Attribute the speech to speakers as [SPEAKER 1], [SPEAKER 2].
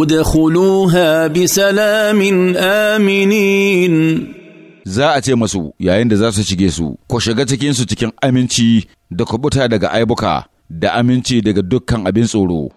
[SPEAKER 1] udkhuluha bi salamin aminin
[SPEAKER 2] za a ce masu yayin da za su shige su ko shiga cikin su cikin aminci da kubuta daga aibuka da aminci daga dukkan abin tsoro